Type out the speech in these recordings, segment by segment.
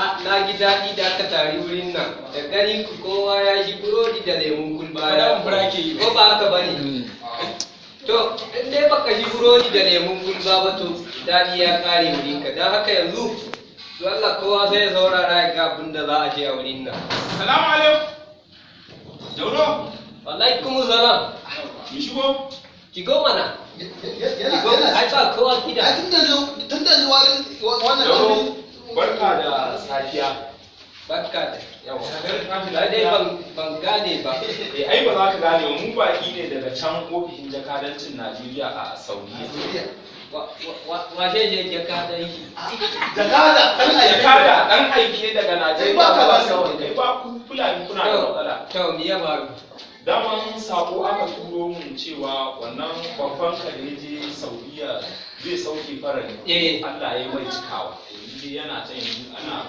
na ji daɗi da aka tari wurin nan da gani kowa ya ji burodi da lemun kulbaya ko ba haka ba ne mm. to in dai baka ji burodi da lemun kulba ba to daɗi ya kare wurin ka don haka yanzu to Allah kowa sai ya saurara ya ga abin da za a je a wurin nan salamu alaikum jauro alaikum salam ki shigo ki go mana ki go ai ba kowa kida tun da zuwa wannan safiya barka da yawa dai ban gane ba eh ai ba za ka gane mu baki ne daga can ofishin jakadancin Najeriya a Saudiya washe je jakadanci jakada dan aiki jakada dan aiki ne daga Najeriya ba ka ba sai ba ku fulani kuna da matsala to me ya faru daman sako aka turo mun cewa wannan babban kadeji saudiya zai sauke farar eh. Allah ya yi mai cikawa yana ta yanzu ana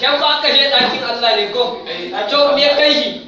yan ko aka je ɗakin Allah ne ko a to me kai shi